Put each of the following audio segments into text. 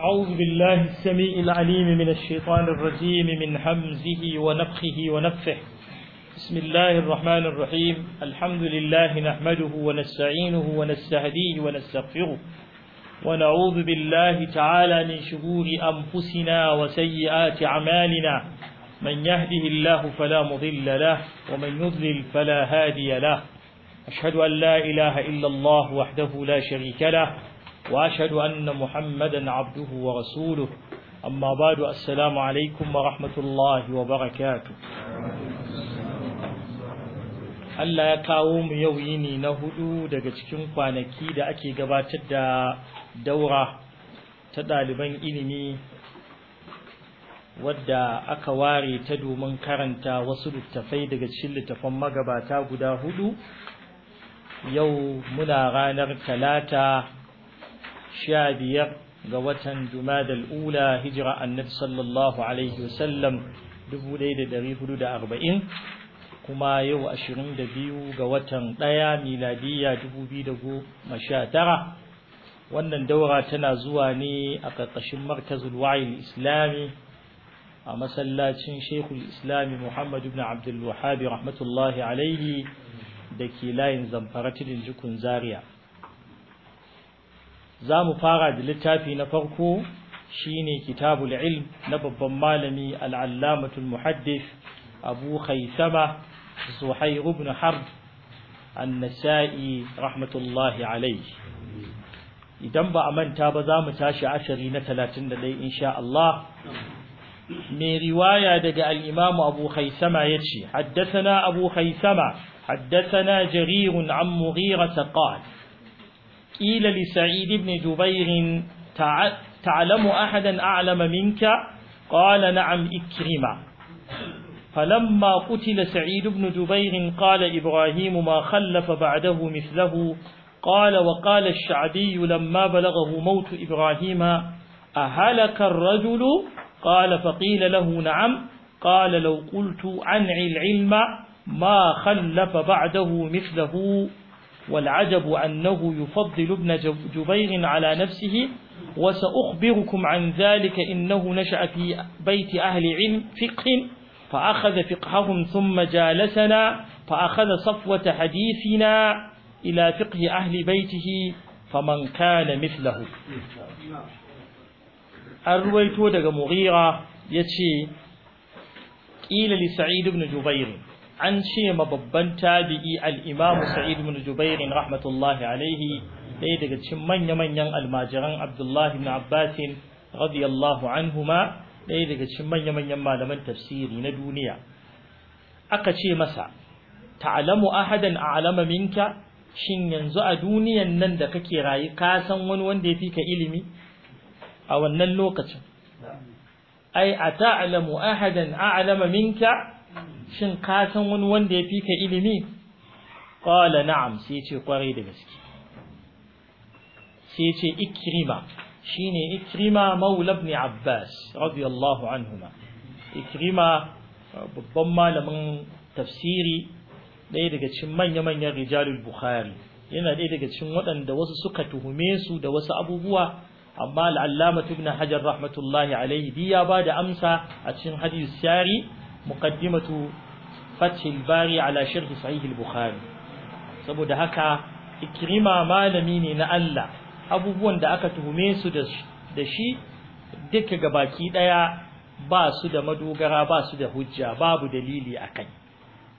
أعوذ بالله السميع العليم من الشيطان الرجيم من همزه ونفخه ونفه بسم الله الرحمن الرحيم الحمد لله نحمده ونستعينه ونستهديه ونستغفره ونعوذ بالله تعالى من شرور أنفسنا وسيئات أعمالنا من يهده الله فلا مضل له ومن يضلل فلا هادي له أشهد أن لا إله إلا الله وحده لا شريك له وأشهد أن محمدا عبده ورسوله أما بعد السلام عليكم ورحمة الله وبركاته Allah ya kawo mu yau yini na hudu daga cikin kwanaki da ake gabatar da daura ta ɗaliban ilimi wadda aka ware ta domin karanta wasu littafai daga cikin littafan magabata guda hudu yau muna ranar talata sha biyar ga watan Jumadal Ula hijira annabi sallallahu alaihi wasallam 1440 kuma yau 22 ga watan ɗaya miladiya 2019 wannan daura tana zuwa ne a ƙarƙashin markazul wa'il islami a masallacin shekul islami muhammad ibn abdul rahmatullahi alaihi da ke layin zamfara tudun jikun zaria za mu fara da littafi na farko shine kitabul ilm na babban malami al'allamatul muhaddis abu haisama zuhair ibn harb annasa'i rahmatullahi alai idan ba a manta ba za mu tashi ashari na talatin da insha Allah mai riwaya daga al-imam abu haisama ce haddathana abu haisama haddathana jarir an mughira qala قيل لسعيد بن جبير تعلم أحدا أعلم منك قال نعم اكرم فلما قتل سعيد بن جبير قال إبراهيم ما خلف بعده مثله قال وقال الشعبي لما بلغه موت إبراهيم أهلك الرجل قال فقيل له نعم قال لو قلت عن العلم ما خلف بعده مثله والعجب أنه يفضل ابن جبير على نفسه وسأخبركم عن ذلك إنه نشأ في بيت أهل علم فقه فأخذ فقههم ثم جالسنا فأخذ صفوة حديثنا إلى فقه أهل بيته فمن كان مثله الرويت دغ مغيرة يتشي قيل لسعيد بن جبير an ce ma babban tabi'i al-Imam Sa'id ibn Jubair rahmatullahi alaihi ɗaya daga cikin manya-manyan almajiran Abdullah ibn Abbas radiyallahu anhuma ɗaya daga cikin manya-manyan malaman tafsiri na duniya aka ce masa ta'alamu ahadan a'lama minka shin yanzu a duniyan nan da kake rayu ka san wani wanda ya fi ka ilimi a wannan lokacin ai a ta'alamu ahadan a'lama minka shin ka san wani wanda ya fi ka ilimi qala na'am sai ce kwarai da gaske sai ce Ikirima, shi ne Ikirima maulab ne abbas radiyallahu anhuma Ikirima uh, babban malamin tafsiri ɗaya daga cikin manya-manyan rijalul bukhari yana ɗaya daga cikin waɗanda wasu suka tuhume su da wasu abubuwa amma al'allama tubna hajar rahmatullahi alaihi biya ba da amsa a cikin hadis sari muqaddimatu fathil bari ala sharh sahih al-bukhari saboda haka ikrima malami ne na Allah abubuwan da aka tuhume su da shi duka gabaki daya ba su da madogara ba su da hujja babu dalili akan.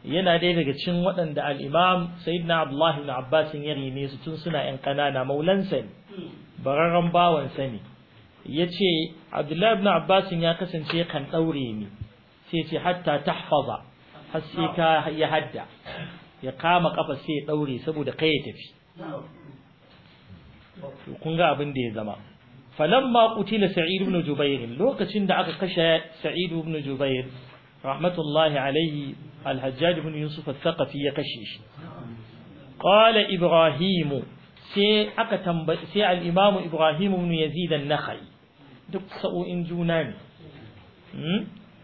yana ɗaya daga cikin waɗanda al-Imam Sayyidina Abdullah ibn Abbas ya rine su tun suna 'yan ƙanana maulansa ne bararran bawansa ne yace Abdullah ibn Abbas ya kasance kan daure ni سيتي حتى تحفظ حسيكا نعم. يهدى يقام قفل سي دوري سبو دقيتف وقنغا بن دي فلما قتل سعيد بن جبير لوك تشند عقش سعيد بن جبير رحمة الله عليه الحجاج بن يوسف الثقفي يقشيش قال إبراهيم سي أكتم سي الإمام إبراهيم بن يزيد النخي دك سو إن جوناني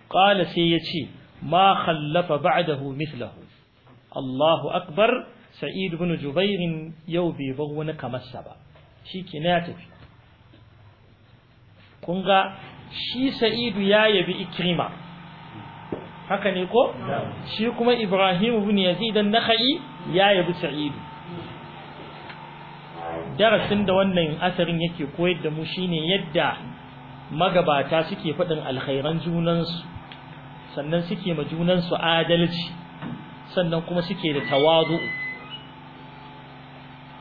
qala sai ya ce ma khallafa ba'adahu mithlahu Allahu akbar Sa'id ibn Zubairu yau bai bar wani kamar sa ba shikenan tafi kun ga shi Sa'idu ya yabi Ikrima haka ne ko shi kuma Ibrahim ibn Yazid an-Nakhai ya yabi Sa'idu darasin da wannan asarin yake koyar da mu shine yadda magabata suke faɗin alkhairan junansu sannan suke ma junansu adalci sannan kuma suke da tawazu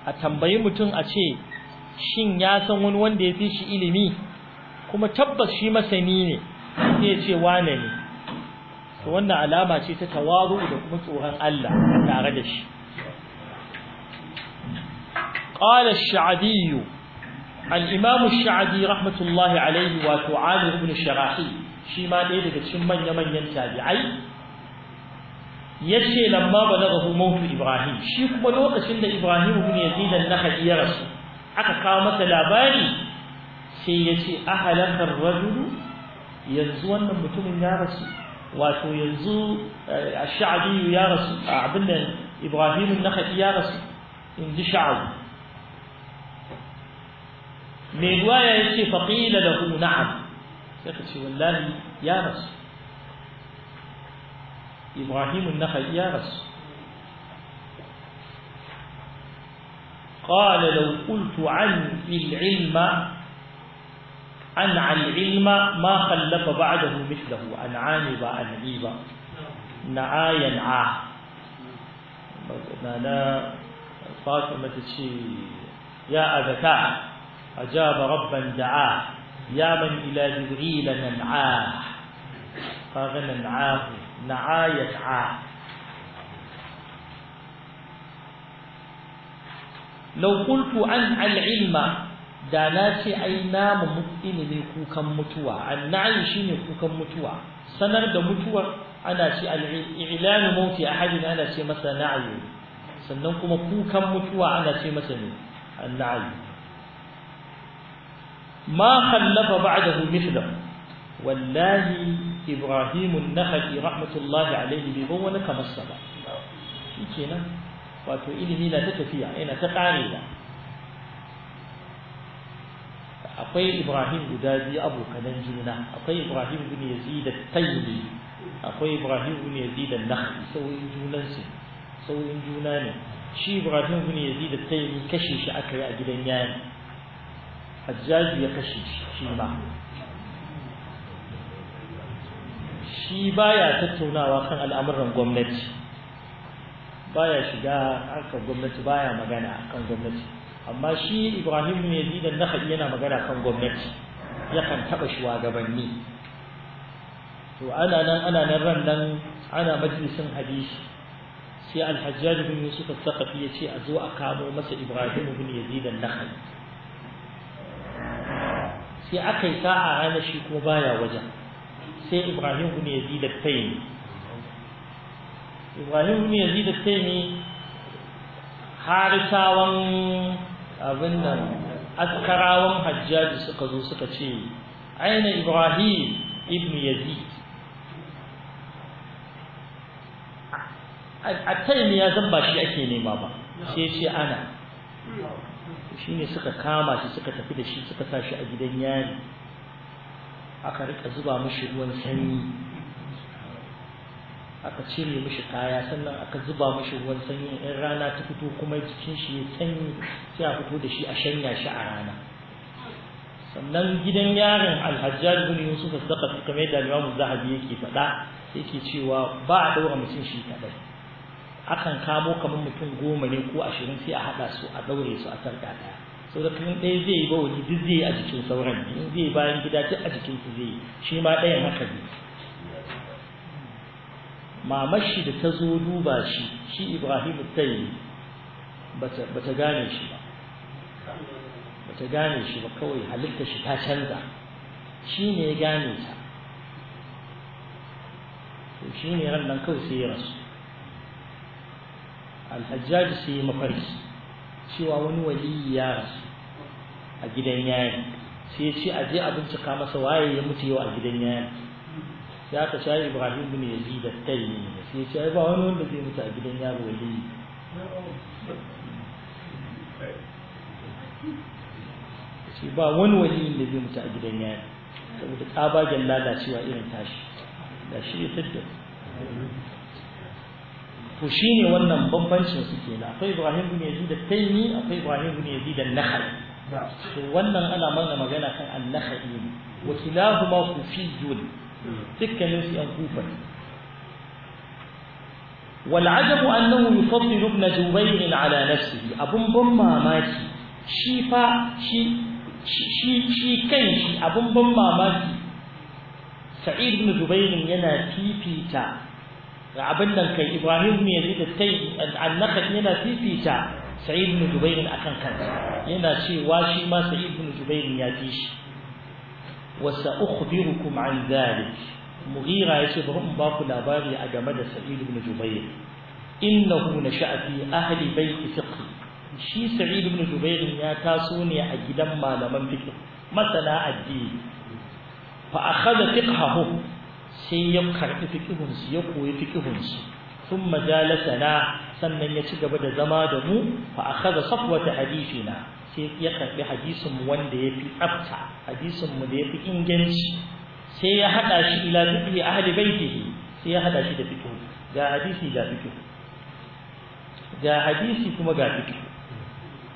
a tambayi mutum a ce shin ya san wani wanda ya fi shi ilimi kuma tabbas shi masani ne sai ce wane ne to wannan alama ce ta tawazu da kuma tsoron Allah tare da shi قال الشعبي الإمام الشعبي رحمة الله عليه وتعالى ابن شراحي shi ma ɗaya daga cikin manya-manyan tabi'ai ya ce lamma ba na gahu mawutu ibrahim shi kuma lokacin da ibrahim bin ya zidan na ya rasu aka kawo masa labari sai ya ce a halakar rajulu yanzu wannan mutumin ya rasu wato yanzu a sha'abi ya rasu a abin da ibrahim na ya rasu in ji sha'abi mai ruwaya ya ce faƙila da lahu na'am sai ka ce wallahi ya rasu ibrahim an قال لو قلت عن العلم أنع العلم ما خلف بعده مثله أنعان عن عيبا نعايا نعا ما لا فاطمة تشي يا أبتاه أجاب ربا دعاه يا من إلى جبريل ننعاه فغنى نعاه نعاية عاه لو قلت أن العلم داناتي أين ممكن نكوكا متوى أن نعيش نكوكا متوى سنرد متوى أنا إعلان موت أحدنا أنا شيء مثلا نعيو سننكم كوكا متوى أنا شيء مثلا النعيو ما خلف بعده مثله والله إبراهيم النخعي رحمة الله عليه بيقول كما الصلاة شيء كنا wato ilimi na ta tafiya yana ta ƙarewa akwai ibrahim guda biyu abokan juna akwai ibrahim bin yazid at-tayyibi akwai ibrahim bin yazid an-nakhli sauyin junan su sauyin juna ne shi ibrahim bin yazid at-tayyibi kashi shi aka yi a gidan yayi hajjaji ya kashe shi ma shi baya tattaunawa kan al'amuran gwamnati baya shiga harkar gwamnati baya magana kan gwamnati amma shi Ibrahim ne zidan naha'i yana magana kan gwamnati yakan taɓa shuwagabanni to ana nan ana nan ran nan ana majalisin hadisi sai alhajjaj bin yusuf al-thaqafi ya ce a zo a kamo masa Ibrahim bin yazid an-nakhai sai aka yi sa'a ranar shi kuma baya wajen sai ibrahim ibn yazid al-taymi ibrahim ibn yazid al-taymi harisawan abin nan askarawan hajjaji suka zo suka ce aina ibrahim ibn yazid a taimi ya zan ba shi ake nema ba sai ce ana shi ne suka kama shi suka tafi da shi suka sa shi a gidan yari aka rika zuba mashi ruwan sanyi aka cire mashi kaya sannan aka zuba mashi ruwan sanyi in rana ta fito kuma jikin shi ya sanyi sai a fito da shi a shanya shi a rana sannan gidan yarin alhajjar bin yusuf saka kamar yadda al'imamu zahabi yake faɗa yake cewa ba a ɗaura mutum shi kaɗai akan kamo kamar mutum goma ne ko ashirin sai a haɗa su a ɗaure su a sarƙa ɗaya sau da kuma ɗaya zai yi bawani duk zai yi a jikin sauran in zai bayan gida duk a jikin su zai yi shi ma ɗayan haka ne mamashi da ta zo duba shi shi ibrahim tayi ba ta gane shi ba ba ta gane shi ba kawai halitta shi ta canza shi ne ya gane ta shi ne ran nan kawai sai ya rasu alhajjaji sai ya mafarki cewa wani wali ya rasu a gidan yayin sai ya ce a je a bincika masa waye ya mutu yau a gidan yayin sai aka sha Ibrahim bin Yazid da tayi ne sai ya ce ba wani wanda zai mutu a gidan yaro waliyi ce ba wani wali da zai mutu a gidan yayin saboda tsabagen lalacewa irin tashi da shi ya tattara to shine wannan bambancin su kenan akwai Ibrahim bin Yazid al-Taymi akwai Ibrahim bin Yazid al-Nakhl to wannan ana mana magana kan al-Nakhl ne wa kilahuma kufiyyun tikkanin su yan kufa والعجب أنه يفضل ابن جبير على نفسه أبن بما ماكي شيفا شي shi shi kanshi abin ban mamaki sa'id ibn jubair yana fifita abin nan kai Ibrahim ne da kai yana fifita Sa'id ibn Jubair akan kansa yana cewa shi ma Sa'id ibn Jubair ya fi shi wa sa'ukhbirukum an dhalik Mughira yace bari in baku labari a game da Sa'id ibn Jubair innahu nasha'a fi ahli bayt fiqh shi Sa'id ibn Jubair ya taso ne a gidan malaman fiqh masana addini fa akhadha fiqhahu sai ya karɓi fiƙihunsu ya koyi fiƙihunsu sun majalasa na sannan ya ci gaba da zama da mu fa a kaza safwata hadisina sai ya karɓi hadisinmu wanda ya fi tsafta hadisinmu da ya fi inganci sai ya haɗa shi ila fiƙi ahli baitihi sai ya haɗa shi da fiƙi ga hadisi ga fiƙi ga hadisi kuma ga fiƙi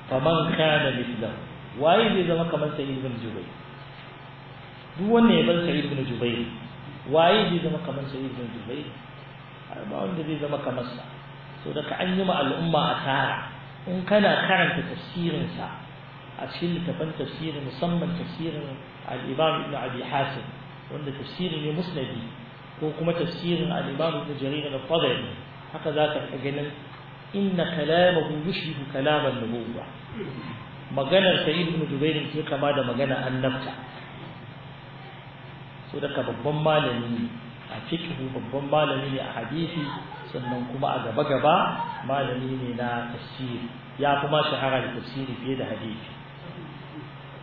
faman kana mithlahu waye zai zama kamar sa'id ibn jubayr duk wanda ya bar sa'id ibn jubayr waye zai zama kamar sai ibn dubai ba wanda zai zama kamar sa so daga an yi ma al'umma asara in kana karanta tafsirin sa a cikin littafan tafsiri musamman tafsirin al-imam ibn abi hasim wanda tafsiri ne musnadi ko kuma tafsirin al-imam ibn jarir al-fadli haka za ka ganin inna kalamahu yushbihu kalam an-nubuwah maganar sayyid ibn jubair ke kama da maganar annabta Ko daga babban malami a fiqhu babban malami ne a hadisi sannan kuma a gaba gaba malami ne na tafsiri ya kuma shahara da tafsiri fiye da hadisi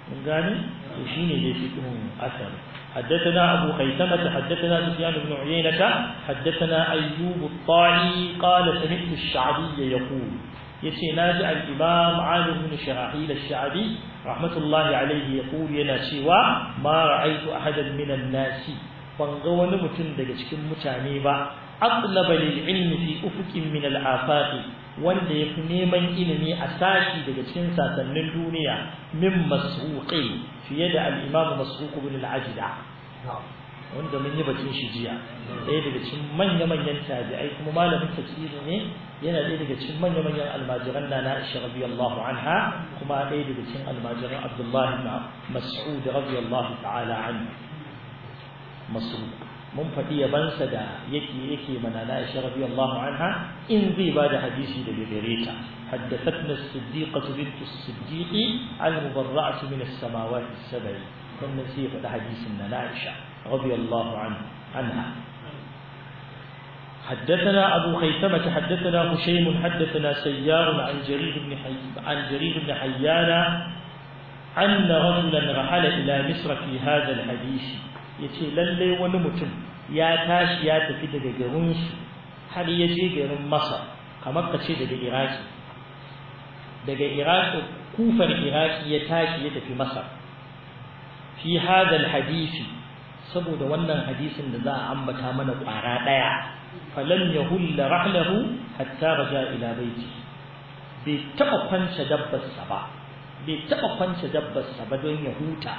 mun gane to shine dai fiqhun asar حدثنا أبو خيثمة حدثنا سفيان بن عيينة حدثنا أيوب الطائي قال سمعت الشعبي يقول yace naji al-imam Ali ibn Shahil al-Sha'bi rahmatullahi alayhi yaqulu yana cewa ma ra'aytu ahadan min an-nas ban ga wani mutum daga cikin mutane ba aqlaba lil ilmi fi ufuqin min al-afaq wanda yafi neman ilimi a sashi daga cikin sasannin duniya min masruqi fiye da al-imam masruq ibn al-Ajda wanda mun yi batun shi jiya ɗaya daga cikin manya-manyan tabi'ai kuma malamin tafsiri ne yana ɗaya daga cikin manya-manyan almajiran na na isha radiyallahu anha kuma ɗaya daga cikin almajiran abdullahi na mas'ud radiyallahu ta'ala an mas'ud mun faɗi yabansa da yake yake mana na isha radiyallahu anha in zai ba da hadisi daga gare ta حدثتنا الصديقة بنت الصديق عن مبرعة من السماوات السبع كنا سيف حديثنا عائشة رضي الله عنها حدثنا أبو خيثمة حدثنا هشيم حدثنا سيار عن جرير بن حي... عن جرير بن حيان أن رجلا رحل إلى مصر في هذا الحديث يتي للي ونمتم يا تاش يا تفيد daga هل يجي جرون مصر كما garin Masar kamar ka ce daga Iraki daga Iraki مصر في هذا الحديث saboda wannan hadisin da za a ambata mana ƙwara ɗaya falan ya hulla rahlahu hatta raja ila baiti bai taɓa kwance sa ba bai taɓa kwance sa ba don ya huta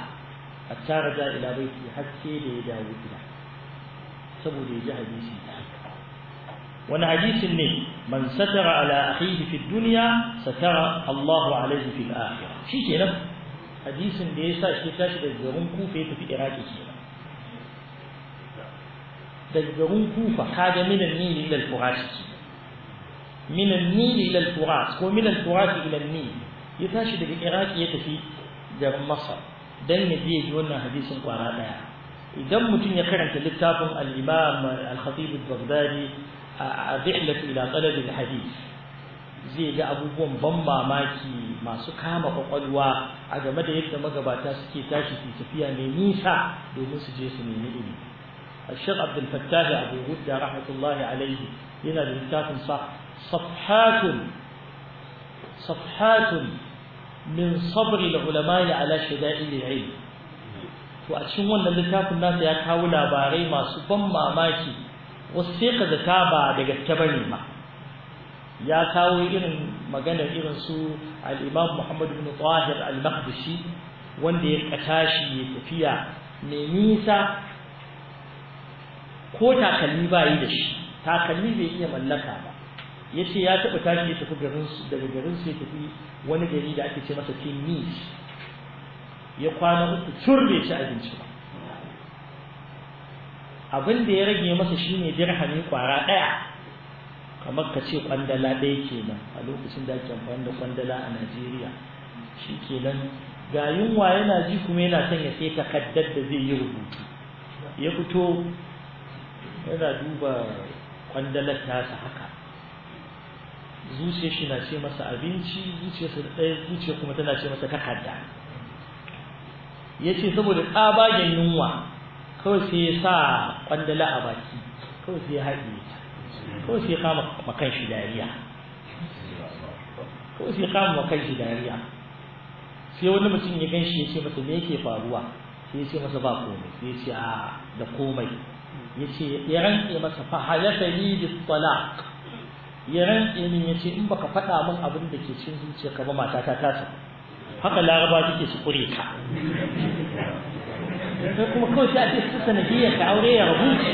hatta raja ila baiti har sai da ya dawo gida saboda ya ji hadisin ta wani hadisin ne man satara ala akhihi fi dunya satara Allahu alaihi fi fil akhirah shikenan hadisin da yasa shi tashi daga garin kufa ya tafi iraki kenan daga garin kufa kaga minan nil ila al minan nil ila al ko minan furat ila nil ya tashi daga iraki ya tafi da masar dan ya biye ji wannan hadisin kwara daya idan mutum ya karanta littafin al-imam al-khatib al-baghdadi a rihlat ila talab al-hadith zai ga abubuwan ban mamaki masu kama kwakwalwa a game da yadda magabata suke tashi su tafiya mai nisa domin su je su nemi ilimi الشيخ عبد الفتاح أبو غدة رحمة الله عليه هنا بمتاف صح صفحات صفحات من صبر العلماء على شدائد العلم to a cikin wannan littafin nasa ya kawo labarai masu ban mamaki wasu sai ka zata ba daga gaske bane ma ya kawo irin maganar irin su al Muhammad ibn Tahir al wanda ya tashi tafiya mai nisa ko takalmi ba yi da shi takalmi bai iya mallaka ba ya ce ya taɓa tashi ya tafi garin su daga garin su ya tafi wani gari da ake ce masa Tunis ya kwana uku tur bai ci abinci ba abin da ya rage masa shine dirhami kwara ɗaya kamar ka ce kwandala ɗaya kenan a lokacin da ake amfani da kwandala a Najeriya shi kenan ga yunwa yana ji kuma yana son ya sai takaddar da zai yi rubutu ya fito yana duba kwandalar tasa haka zuciyar shi na ce masa abinci zuciyar kuma tana ce masa takarda ya ce saboda tsabagen yunwa kawai sai ya sa kwandala a baki kawai sai ya haɗe ta kawai sai ya kama makan shi dariya kawai sai ya kama makan shi dariya sai wani mutum ya gan shi ya ce masa me yake faruwa sai ya ce masa ba komai sai ya ce a da komai yace ya rantse masa fa ni bis talaq ya rantse min yace in baka faɗa min abin da ke cin ka ba matata ta tasa haka laraba take su kure ka sai kuma kawai sai a ce su sanadiyar ka aure ya rabu shi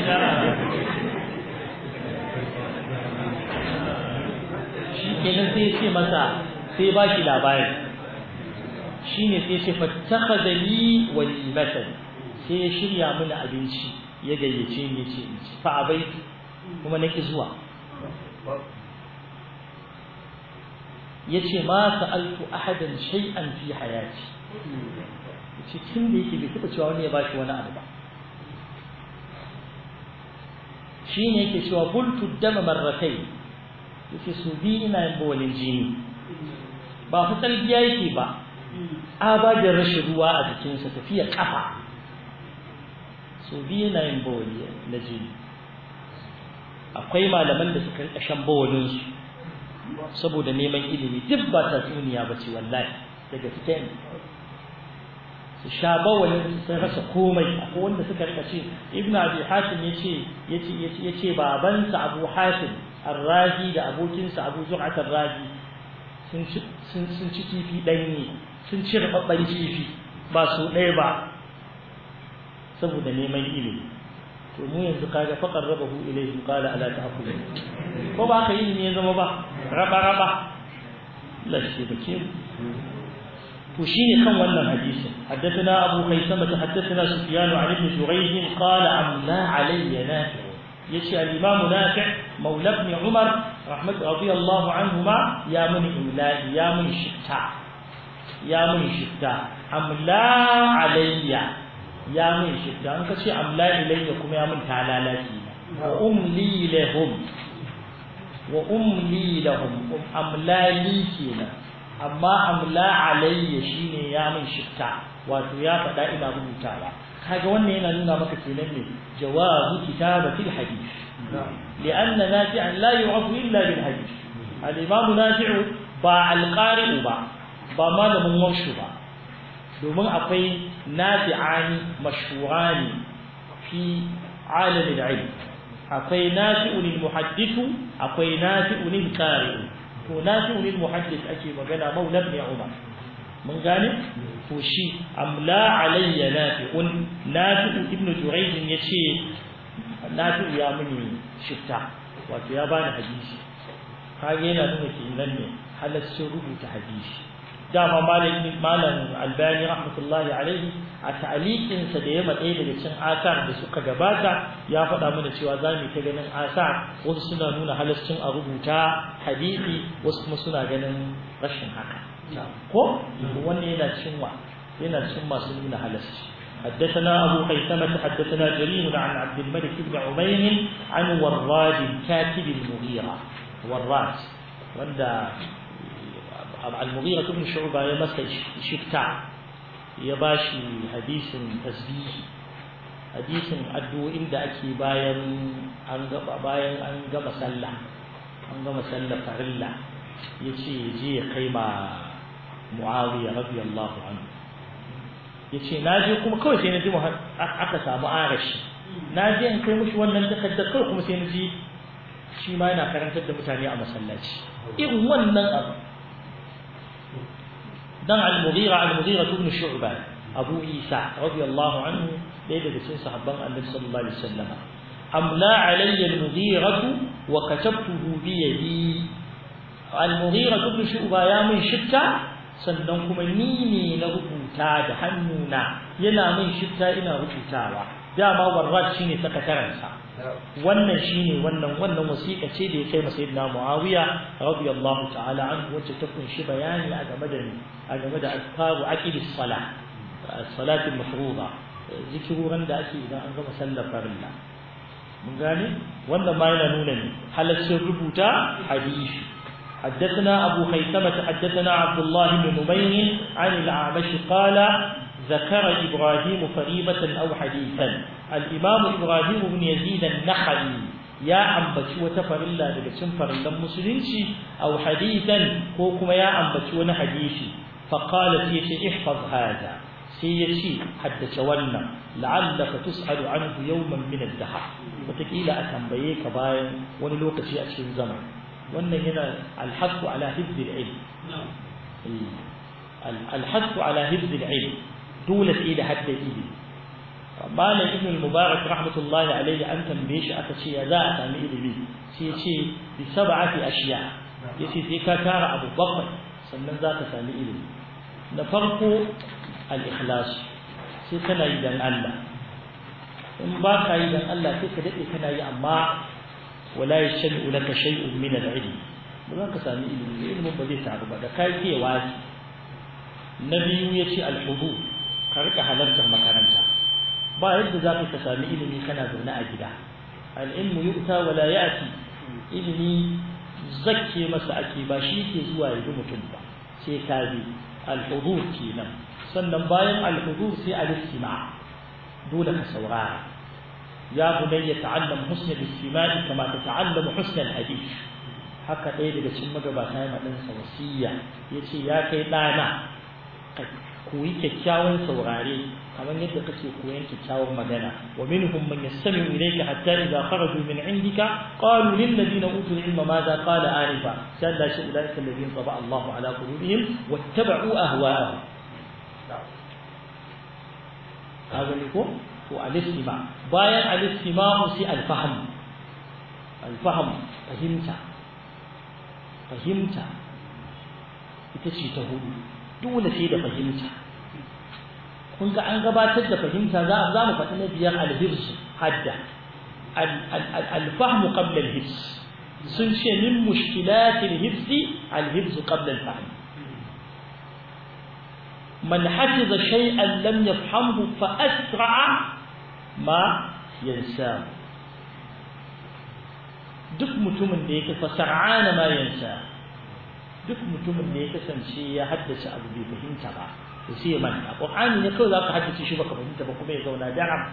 kenan sai ya ce masa sai ba shi labari shine sai ya ce fattakhadha li walimatan sai ya shirya mini abinci ya gayyace ni ce in ci fa abai kuma nake zuwa yace ma sa'altu ahadan shay'an fi hayati yace tun da yake bai taɓa cewa wani ya bashi wani abu ba shine yake cewa bultu dama marratai yace su bi ina yin bawalin jini ba fitsar biya yake ba da rashin ruwa a jikinsa tafiya kafa so biyu na yin bawali na jini akwai malaman da suka rika shan bawalinsu saboda neman ilimi duk ba ta duniya ba ce wallahi daga cikin su sha bawalin sun rasa komai akwai wanda suka rika ce ibn abi hatim yace yace yace babansa abu hatim arrazi da abokinsa abu zu'at arrazi sun ci sun ci kifi ɗanye sun ci rababban kifi ba su ɗaya ba saboda neman ilimi to mu yanzu kaga faqar rabahu ilayhim qala ala ta'kulu ko ba ka yi ne zama ba raba raba lashe bake to shine kan wannan hadisin haddathana abu kaisama ta haddathana sufyan an ibn jurayh qala amla alayya nafi yace al-imam nafi maula ibn umar rahmat radiyallahu anhuma ya mun imla ya mun shitta ya mun shitta amla alayya ya min shidda an ce amla ilayya kuma ya min talalaki wa umli lahum wa umli lahum amla li kenan amma amla alayya shine ya min shitta wato ya faɗa ina rubutawa kaga wannan yana nuna maka kenan ne jawabu kitabatil hadith لأن نافعا لا يعرف إلا بالحديث الإمام نافع با القارئ با با مالم مرشد با domin akwai nafi'ani mashhurani fi alamin ilm akwai nafi'un muhaddithu akwai nafi'un qari'u to nafi'un muhaddith ake magana maula ibn umar mun gane to shi amla alayya nafi'un nafi'u ibn jurayj yace nafi'u ya muni shifta wato ya bani hadisi kage yana nuna kenan ne halaccin rubuta hadisi dama malamin malam albani rahmatullahi alaihi a ta'alikin sa da ya matsayi daga cin asa da suka gabata ya faɗa mana cewa za mu ta ganin asa wasu suna nuna halascin a rubuta hadisi wasu kuma suna ganin rashin haka ko wannan yana cin wa yana cin masu nuna halasci حدثنا أبو خيثمة حدثنا جرير عن عبد الملك بن عمير عن وراد كاتب المغيرة وراد وندا al-mughira ibn shu'ba ya masa shifta ya bashi hadisin tasbihi hadisin addu'o'in da ake bayan an gaba bayan gama sallah an gama sallah farilla yace je ya kai ma kuma kawai sai naji aka samu arashi je in kai mushi wannan takaddar kawai kuma sai naji shi ma yana karantar da mutane a masallaci irin wannan abu dan al-mughira al-mughira ibn shu'ba abu isa radiyallahu anhu ɗaya daga cikin sahabban annabi sallallahu alaihi wasallam amla alayya al-mughira wa katabtuhu bi yadi al-mughira ibn shu'ba ya mun shitta sannan kuma ni ne na rubuta da hannuna yana min shitta ina rubutawa dama warrat shine sakatarensa wannan shine wannan wannan wasiƙa ce da ya kai masa ibn Muawiya radiyallahu ta'ala anhu wacce ta kunshi bayani a game da a game da asfaru aqidi salah salatul mafruḍa zikiruran da ake idan an gama sallar farilla mun gane wannan ma yana nuna ne halaccin rubuta hadisi حدثنا أبو خيثمة حدثنا عبد الله بن نمير عن الأعمش قال ذكر إبراهيم فريبة أو حديثا الإمام إبراهيم بن يزيد النخعي يا أنبت وتفر الله لكسن فرلا مسلمشي أو حديثا كوكما يا أنبت ونحديثي فقال فيك احفظ هذا سيشي حتى شوانا لعلك تسأل عنه يوما من الدهر وتكيل أتنبيك باين ونلوك شيء أشين زمن وأن هنا الحث على حفظ العلم الحث على حفظ العلم dole sai da hadda ilimi malam ibn mubarak rahmatullahi alaihi an tambaye shi aka ce ya za a sami ilimi sai ya ce bi sab'ati ashiya yace sai ka tara abu bakwai sannan za ka sami ilimi na farko al-ikhlas sai kana yi dan Allah in ba ka yi dan Allah sai ka dade kana yi amma wala yashhadu laka shay'un min al-ilm ba za ka sami ilimi ilimin ba zai taru ba da kai ke wasi na biyu yace al-hudud ka rika halartar makaranta ba yadda za ka sami ilimi kana zaune a gida al'ilmu yu'ta wa la ya'ti ilimi zakke masa ake ba shi ke zuwa yabi mutum ba sai ka bi al-hudur kenan sannan bayan al-hudur sai al-istima dole ka saurara ya bunayya ta'allam husn al-istima kama ta'allam husn al-hadith haka ɗaya daga cikin magabata ya sa wasiya ya ce ya kai ɗana koyi kyakkyawan saurare kamar yadda kake koyan kyakkyawan magana wa minhum man yastami'u ilayka hatta idza kharaju min indika qalu lil ladina utul ilma madha qala anifa salla shi ulaika alladhina taba Allahu ala qulubihim wattaba'u ahwa'ahum kaga ne ko to al-istima bayan al-istima sai al-fahm al-fahm fahimta fahimta ita ce ta hudu dole sai da fahimta kun ga an gabatar da fahimta za za mu faɗi na biyar al-hifz hadda al-fahm qabla al-hifz sun ce min mushkilat al-hifz al-hifz qabla al-fahm man hafiza shay'an lam yafhamhu fa asra'a ma yansa duk mutumin da yake fasar'ana ma yansa duk mutumin da ya kasance ya haddace abu bai fahimta ba to sai ya manta qur'ani ne kawai zaka haddace shi baka fahimta ba kuma ya zauna daram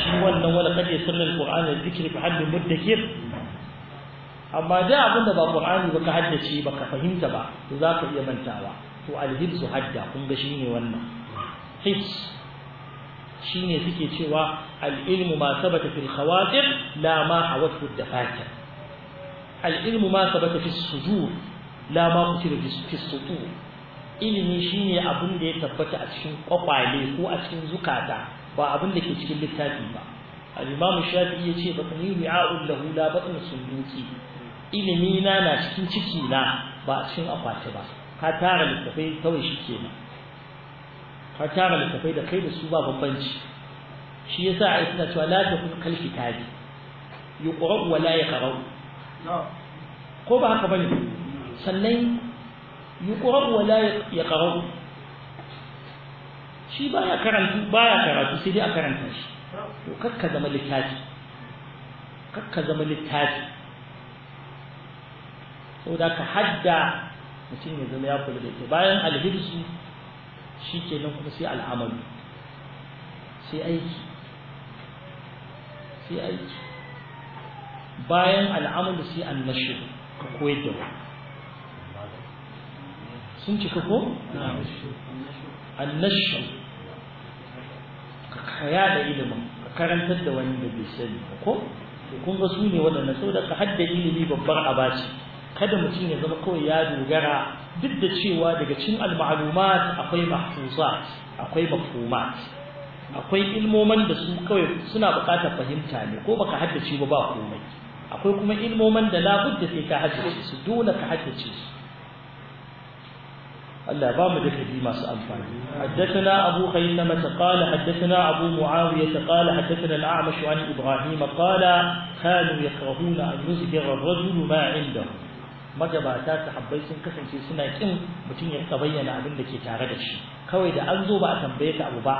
shi wannan wala kad yasanna alquran dhikri fa hadd mudakkir amma da abin da ba qur'ani baka haddace baka fahimta ba to zaka iya mantawa to alhibsu hadda kun ga shine wannan hibs shine suke cewa al-ilmu ma sabata fil khawatir la ma hawathu dafatir al-ilmu ma sabata fis sudur Lama ma da fi sutu ilimi shine abin da ya tabbata a cikin kwakwale ko a cikin zukata ba abin da ke cikin littafi ba al ce ba yace yi ri'a'ul lahu la batn sunduki ilimi na na cikin ciki na ba a cikin akwati ba ka tara littafai kawai shi ka tara littafai da kai da su ba bambanci shi yasa ai suna cewa la takun tari. kitabi yuqra'u wa la yaqra'u ko ba haka bane sannan yi ƙorar wala ya ƙarar shi baya karatu baya karatu sai dai a karanta shi to kakka zama littafi kakka zama littafi da ka hadda mutum ya zama ya kula da ita bayan alhirsu shi ke nan kuma sai al'amalu sai aiki sai aiki bayan al'amalu sai annashu ka koyar da wani sun cika ko annashu ka da ilimin ka karantar da wani da bai sani ko kun ga su ne Sau da ka hadda ilimi babbar abaci kada mutum ya zama kawai ya dogara duk da cewa daga cin al-ma'lumat akwai mahfuzat akwai mafhumat akwai ilmoman da su kawai suna buƙatar fahimta ne ko baka haddace ba ba komai akwai kuma ilmoman da labudda sai ka haddace su dole ka haddace su الله بام دكتي ما سأنفعل حدثنا أبو خيثمة قال حدثنا أبو معاوية قال حدثنا الأعمش عن إبراهيم قال كانوا يكرهون أن يزهر الرجل ما inda. magabata sahabbai sun kasance suna kin mutum ya rika bayyana abin da ke tare da shi kawai da an zo ba a tambaye ta abu ba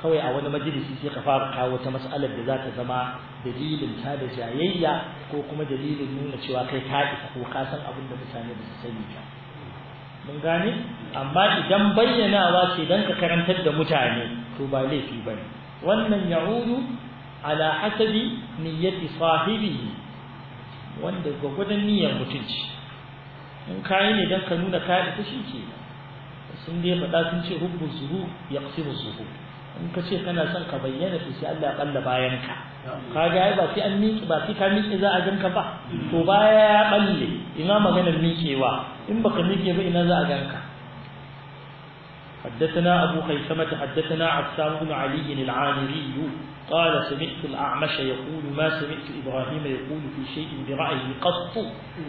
kawai a wani majalisi sai ka fara kawo wata mas'alar da za ta zama dalilin ta da jayayya ko kuma dalilin nuna cewa kai ka isa ko ka san abin da mutane ba su sani ba mun gane amma idan bayyanawa ce dan ka karantar da mutane to ba laifi bane wannan ya'udu ala hasabi niyyati sahibihi wanda gwagwadon niyyar mutunci in kai ne dan ka nuna kayan ta shi ke sun dai faɗa sun ce hubbu zuhu ya zuhu in ka ce kana son ka bayyana to sai Allah ya ƙalla bayan ka ka ga ba sai an miƙe ba sai ka miƙe za a ganka ba to baya ya ɓalle ina maganar miƙewa in baka miƙe ba ina za a ganka حدثنا أبو خيثمة حدثنا عسام بن علي العامري قال سمعت الأعمش يقول ما سمعت إبراهيم يقول في شيء برأيه قط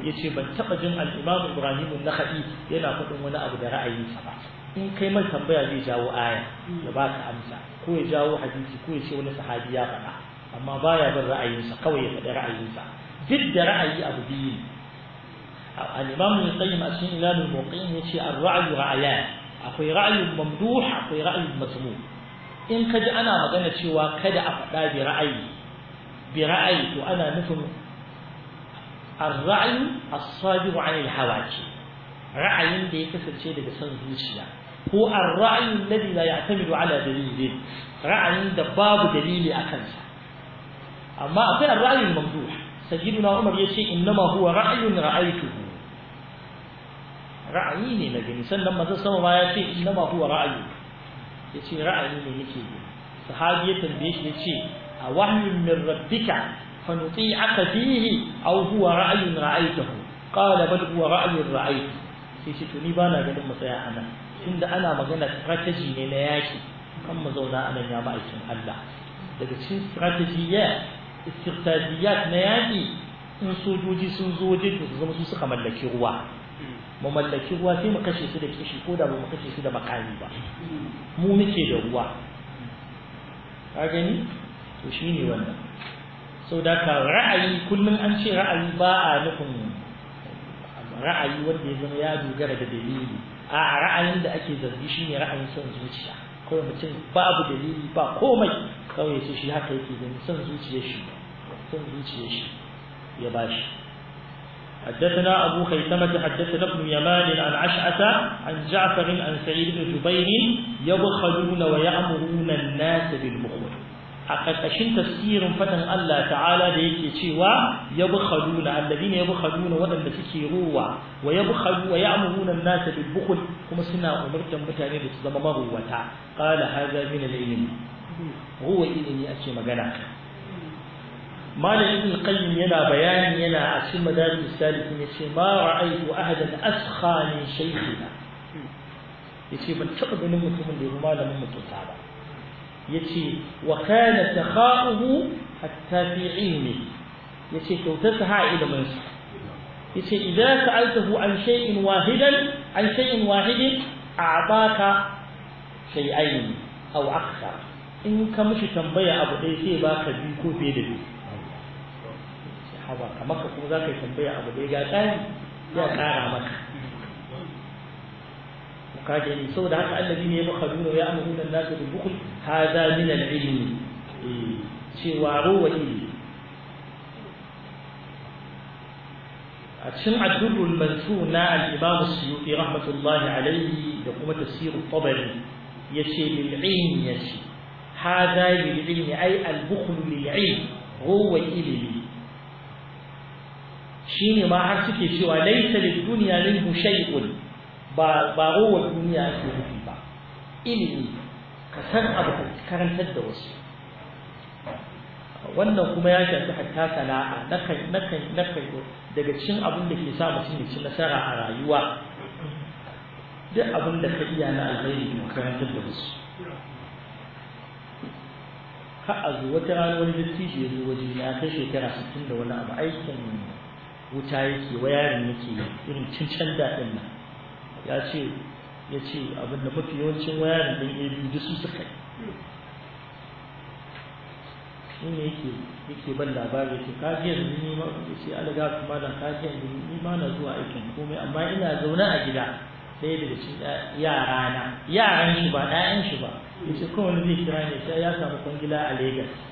يتبن تقجم الإمام إبراهيم النخعي ينافق ولا أبو برأيه سبع إن كيما تنبيا لي جاو آية يباك أمسا كو جاو حديثي كو يشي ولا صحابي يا أما بايا بالرأيه سقوي رأيه سبع ضد رأي أبو دين al-imam ibn qayyim a cikin ilalul muqin yace ar-ra'yu ra'ayan akwai ra'yun mamduh akwai ra'yun mazmum in kaji ana magana cewa kada a faɗa bi ra'ayi bi ra'ayi to ana nufin ar-ra'yu as-sabiru 'an al-hawaji ra'ayin da ya kasance daga san zuciya ko ar-ra'yu alladhi la ya'tamidu 'ala dalil ra'ayin da babu dalili a kansa amma akwai ar-ra'yu mamduh na umar yace innama huwa ra'yun ra'aytuhu ra'ayi ne na gani sannan manzon sama ma ya ce inna ma huwa ra'ayi yace ra'ayi ne nake yi sahabi ya tambaye shi yace a wahyin min rabbika fa nuti'aka fihi aw huwa ra'ayun ra'aytahu qala bal huwa ra'yun ra'aytu sai shi to ni bana ganin mu anan tunda ana magana strategy ne na yaki kan mazauna anan ya ma'aikin Allah daga cikin strategy ya istirtajiyat na yaki in sojoji sun zo wajen su zama su suka mallaki ruwa mu mallaki ruwa sai mu kashe su da kishi ko da ba mu kashe su da makami ba mu muke da ruwa ka gani to shine wannan sau da ka ra'ayi kullum an ce ra'ayi ba a nufin ra'ayi wanda ya zama ya dogara da dalili a ra'ayin da ake zargi shine ra'ayin son zuciya kawai mutum babu dalili ba komai kawai sai shi haka yake gani son zuciyar shi son zuciyar shi ya bashi حدثنا أبو خيثمة حدثنا ابن يمان عن عشعة عن جعفر عن سعيد بن جبير يبخلون ويأمرون الناس بالبخل أشن تفسير فتن الله تعالى ديك شوى يبخلون الذين يبخلون ودن تكي روى ويبخلوا ويأمرون الناس بالبخل كما سنة أمرت متعني لتزم مغوة قال هذا من العلم هو إلمي أشي مغنى malam ibn qayyim yana bayani yana a cikin madarijus salikin yace ma ra'aytu ahadan askha min shaykhina yace ban taba ganin mutumin da ya malamin mutunta ba yace wa kana takha'uhu hatta fi ilmi yace ta ha ilimin sa yace idza sa'altahu an shay'in wahidan an shay'in wahidin a'taka shay'ain aw akthar in ka mishi tambaya abu ɗaya sai baka biyu ko fiye da biyu a maka kuma za ka yi tambaya abu da ya ga tsari ya kara maka ka kaje ne da haka annabi ne ya baka nuna ya amuru nan nasu da bukul hada min al-ilmi cewa rowa ilmi a cikin addurrul mansu na al-imam suyuti rahmatullahi alaihi da kuma tafsir tabari yace lil ilmi yace hada lil ilmi ay al-bukhl lil ilmi rowa ilmi shine ma har suke cewa laisa lid dunya minhu shay'un ba ba rowar duniya ake nufi ba ilimi ka san abu ka karantar da wasu wannan kuma ya shafi hatta sana'a daga cikin abin da ke sa mutum ya ci nasara a rayuwa duk abin da ka iya na alheri ka karantar da wasu ka a wata ranar wani dattijo ya zo waje ya kai shekara 60 da wani abu aikin wuta yake wayarin yake irin cincin daɗin nan ya ce ya ce abinda mafi yawancin wayarin ɗin abu da su suka yi ne yake yake ban labari yake kajiyar da ni ma ya ce alaga kuma da kajiyar da ni ma na zuwa aikin komai amma ina zaune a gida ɗaya daga cikin yara na yaran shi ba ɗayan shi ba ya ce kowane zai kira ne ya samu kwangila a Legas.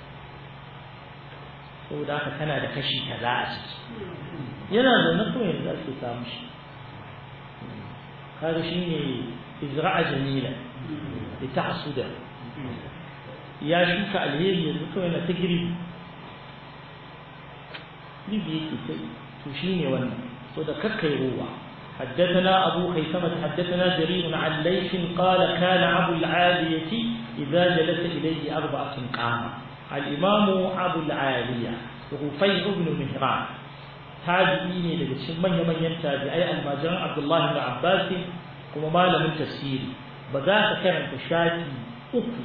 saboda haka tana da kashi kaza a ciki yana da na kawai da ake samu shi kaga shi ne izra'a jamila da ta hasuda ya shuka alheri yanzu kawai yana ta girbi girbi yake kai to shi ne wannan so da kakkai ruwa حدثنا أبو خيثمة حدثنا جرير عن ليث قال كان أبو العالية إذا جلس إليه أربعة قامة Al'imamu imamu abu al-aliya rufai ibn mihran tabi'i ne daga cikin manya-manyan tabi'ai almajiran abdullahi ibn abbas kuma malamin tafsiri ba za ka karanta shafi uku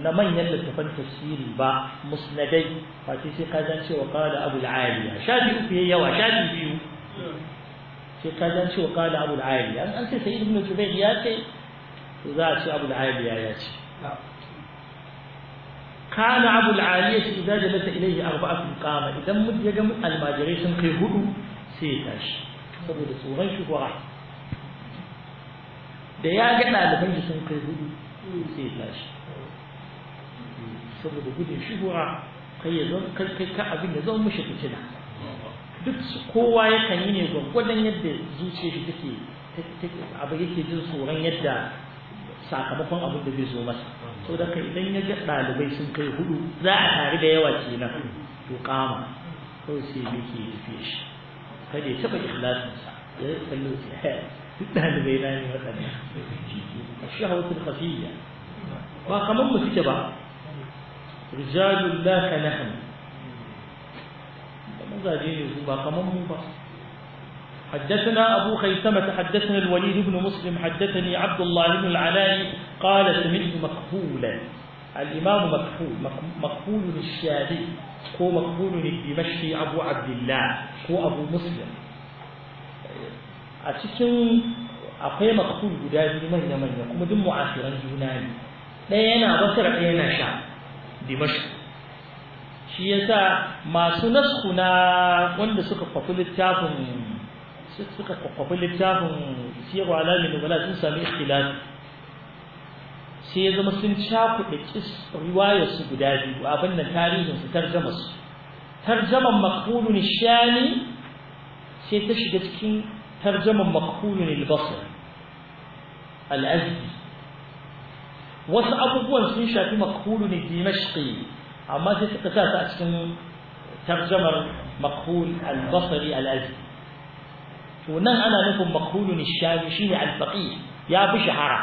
na manyan littafan tafsiri ba musnadai ce sai ka zan cewa qala abu al-aliya shafi uku yayi yawa shafi biyu sai ka zan cewa qala abu al-aliya an ce sai ibn jubayr ya ce to za a ce abu al ya ce kana abu al'aliyah idza jalasa ilayhi arba'atun qama idan mutum ya almajirai sun kai hudu sai ya tashi saboda tsoron shuhura da ya ga ɗaliban sun kai hudu sai ya tashi saboda gudun shuhura kai ya zo kai kai ka da duk kowa yakan yi ne gwaggwadon yadda zuciyar shi abu yake jin tsoron yadda sakamakon abin da zai zo masa so da kai idan ya ga ɗalibai sun kai hudu za a tare da yawa kenan to kama ko sai yake rufe shi kada ya taɓa sa. ya kallo sai duk ɗalibai na ne hau shahawatul khafiyya ba kamar mu fice ba rijalul la kanahum mazaje ne su ba kamar mu ba حدثنا أبو خيثمة حدثنا الوليد بن مسلم حدثني عبد الله بن العلاء قال سمعت مقبولا الإمام مقبول مقبول الشادي هو مقبول الدمشقي أبو عبد الله هو أبو مسلم أتكن أقيم مقبول جداد من يمن يقوم دم معاصرا يوناني لا ينا بصر ينا شاء دمشق shi yasa masu nasku na wanda suka fafi littafin suka kwakwafi littafin siyarwa alamin nubala sun sami ikhtilafi sai ya zama sun cakuɗe kis riwayarsu guda biyu abin da tarihinsu tarjama su tarjaman makhulun shani sai ta shiga cikin tarjaman makhulun albasar al'azbi wasu abubuwan sun shafi makhulun dimashqi amma sai suka sa a cikin tarjamar makhul albasari al'azbi to nan ana nufin makhulun shafi shine al ya fi shahara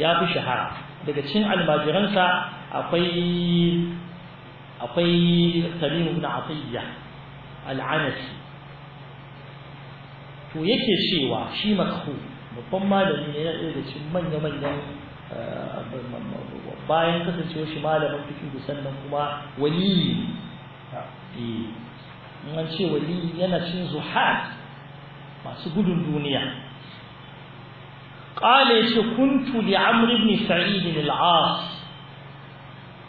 ya fi shahara daga cikin almajiransa akwai akwai Salim ibn Atiyya al-Anasi to yake cewa shi makhul babban malami ne da cikin manya-manyan eh, bayan kasancewa shi malamin fiqh sannan kuma wali eh an ce wali yana cin zuhad masu gudun duniya qala yace kuntu li amr ibn sa'id al-as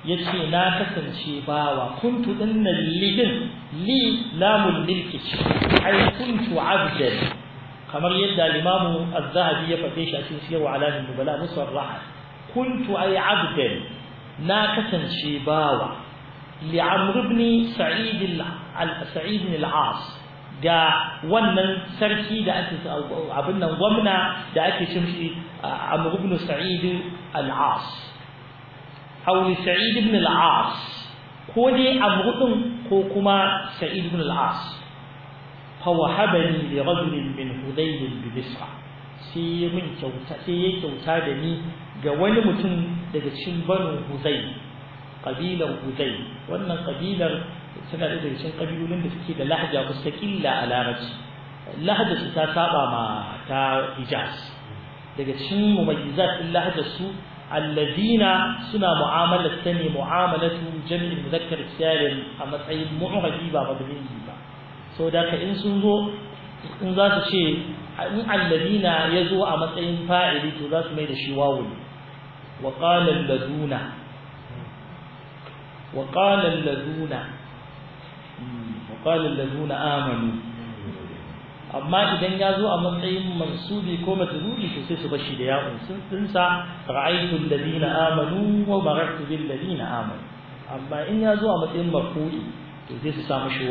yace na kasance bawa kuntu dinnan lidin li lamul milki ai kuntu abdan kamar yadda limamu az-zahabi ya fade shi a cikin siyarwa alamin nubala musarraha kuntu ai abdan na kasance bawa li amr ibn sa'id al-sa'id al-as da wannan sarki da ake abin nan gwamna da ake cin shi Amr ibn Sa'id al-As aw ibn al ko dai a din ko kuma Sa'idu ibn al-As fa wahabani rajulin min Hudayl bi sai ya kyauta da ni ga wani mutum daga cikin Banu Hudayl ƙabilar Hudayl wannan ƙabilar. suna da cikin kabilun da suke da lahaja lahja mustaqilla a larabci lahjar su ta saba ma ta hijaz daga cikin mumayyizat din lahjar su alladina suna mu'amalar ta ne mu'amalatu jami'in muzakkar salim a matsayin mu'rabi ba madani ba Sau da ka in sun zo in za su ce in alladina ya zo a matsayin fa'ili to za su mai da shi wawul wa wa da zuna آمنوا amma idan ya zo a matsayin mansubi ko matrubi to sai su bashi da ya'un sun tsinsa da zina amanu wa marattu da zina amanu amma in ya zo a matsayin mafuli to sai su samu shi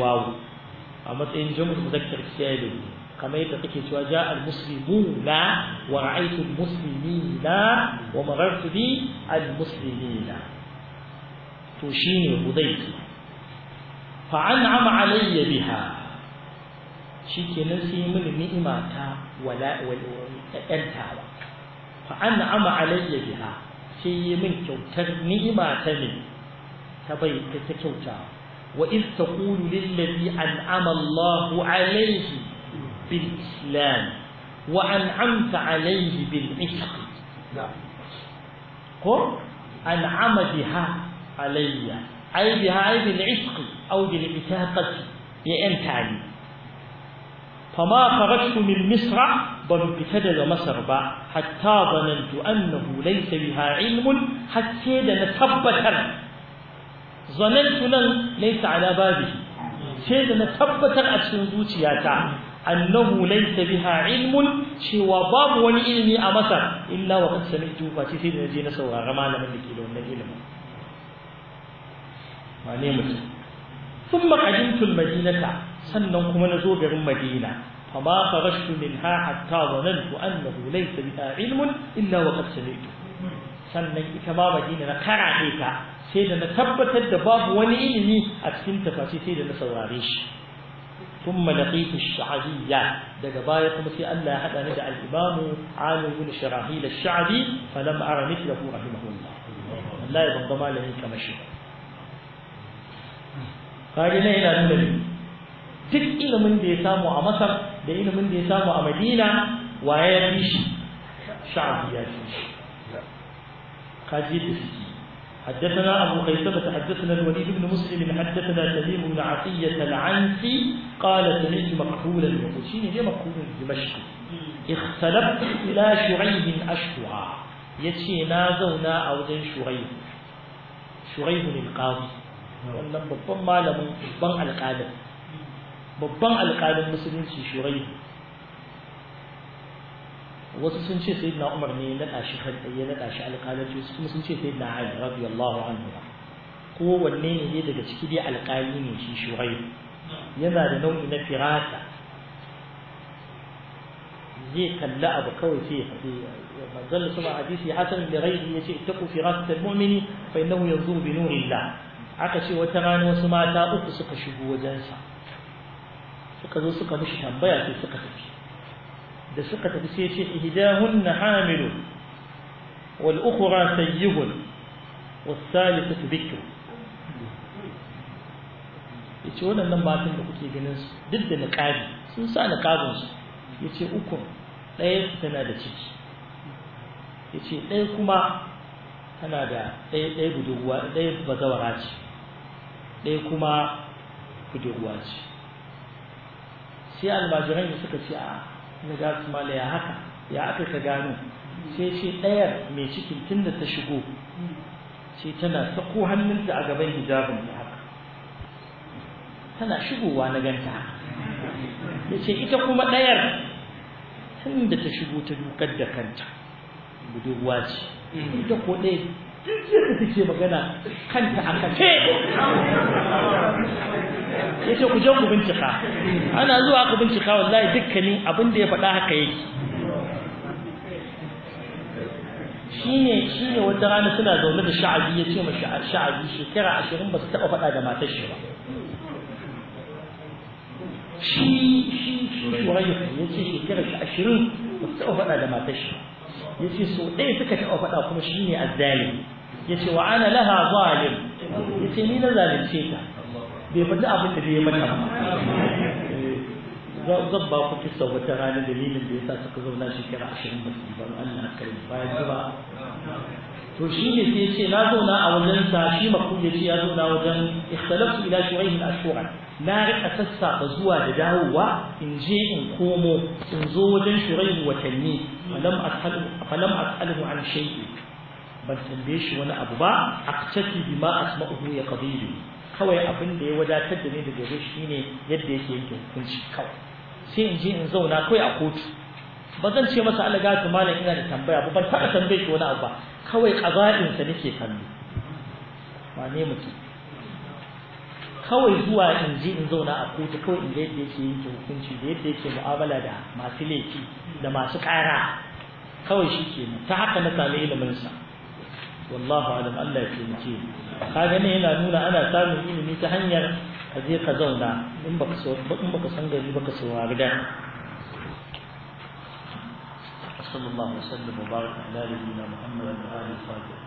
a matsayin jam'u muzakkar kiyaye kamar yadda take cewa ja al na, wa ra'aytu al na, wa marartu bi al na. to shine hudaytu فأنعم علي بها شيكي نسي من نئمة ولا والأنتاوى فأنعم علي بها سي من كوتر نئمة من تبيت تتكوتا وإذ تقول للذي أنعم الله عليه بالإسلام وأنعمت عليه بالعشق نعم. قل أنعم بها عليّ ai bi ai bil ishq aw bil itaqati ya yanta ni fama kharajtu min ban fita daga masar ba hatta zanantu annahu laysa biha ilmun hatta da na tabbatar zanantu nan laysa ala babi sai da na tabbatar a cikin zuciyata annahu laysa biha ilmun cewa babu wani ilimi a masar illa wa qad sami'tu fa sai da je na saurari malamin da ke da wannan ilimin wane mutum ثم قدمت المدينة سننكم نزوج من مدينة فما خرجت منها حتى ظننت أنه ليس بها علم إلا وقد سمعته sannan ita ma madina na karaɗe ta sai da na tabbatar da babu wani ilimi a cikin tafasi sai da na saurare shi ثم لقيت الشعبية daga baya kuma sai Allah ya hada ni da al-Imam Ali ibn Sharahil al-Sha'bi falam ara mithlahu rahimahullah wallahi ban ga malami kamar shi kaji na yana nuna ne duk ilimin da ya samu a masar da ilimin da ya samu a madina waye ya fi shi sha'abi ya fi shi kaji da suke حدثنا أبو قيسمة حدثنا الوليد بن مسلم حدثنا سليم بن عطية العنسي قال سمعت مقبولا المقوشين هي مقبول دمشق اختلفت إلى شعيب أشهرا يتشي نازونا أو زين شعيب شعيب القاضي wannan babban malamin babban alƙalin babban alƙalin musulunci shurai wasu sun ce sai na umar ne na ɗashi ya na ɗashi alƙalin su kuma sun ce sai na ali radiyallahu anhu kowanne ne ne daga ciki dai alƙali ne shi shurai yana da nau'i na firata zai kalli abu kawai sai ya faɗi manzon sama hadisi hasan da rai ne ya ce ita ku firata al-mu'mini fa innahu yanzuru nuri Allah aka ce wata rana wasu mata uku suka shigo wajensa suka zo suka mishi tambaya sai suka tafi da suka tafi sai ce ihdahunna hamilu wal ukhra sayyibun was thalithatu bikr yace waɗannan matan da kuke ganin su duk da niqabi sun sa niqabin su yace uku ɗaya tana da ciki yace ɗaya kuma tana da ɗaya ɗaya budurwa ɗaya bazawara ce ɗaya kuma kujeruwa ce sai almajiran da suka ce a na ga su mala ya haka ya aka ka gano sai ce ɗayar mai cikin tun da ta shigo sai tana sako hannunta a gaban hijabin ya haka tana shigowa na ganta ya ce ita kuma ɗayar tun da ta shigo ta dukar da kanta budurwa ce ita ko ɗaya sai da take magana kanta a Ya yace ku je ku bincika ana zuwa ku bincika wallahi dukkanin abin da ya faɗa haka yake Shi ne wata rana suna zaune da sha'abi yace ma sha'abi shekara 20 ba su taba faɗa da matar shi ba shi shi shi ce shekara 20 ba su taba faɗa da matar shi ba yace sau ɗaya suka taɓa faɗa kuma shine azzalim yace wa ana laha zalim yace ni na zalunce ta bai faɗi abin da bai mata ba eh, zan ba ku kisa wata rana dalilin da yasa suka zauna shekara ashirin ba Allah kai bayan zuba to shi ne sai ce na zauna a wajen sa shi makul ya ce ya zauna wajen ikhtalaftu ila shuraihin ashura na rika sassafa zuwa da dawowa in je in komo in zo wajen shuraihin watanni falam as'alu falam as'aluhu an shay'i ban tambaye shi wani abu ba aqtati bima asma'uhu ya qadiru kawai abin da ya wadatar da ni daga shi ne yadda yake yanke hukunci kawai sai in je in zauna kai a kotu ba zan ce masa Allah gafi malam ina da tambaya ba ban taɓa tambaye ko wani abu ba kawai ƙaza'in sa nake kallo wane mutum kawai zuwa in ji in zauna a kotu kawai in ga yadda yake yanke hukunci da yadda yake mu'amala da masu laifi da masu ƙara kawai shi ke ta haka na sami ilimin sa wallahu alam Allah ya taimake ni Ka ne yana nuna ana samun ilimi ta hanyar ka je ka zauna in baka in baka san gari baka saurari da وصلى الله وسلم وبارك على نبينا محمد وعلى اله وصحبه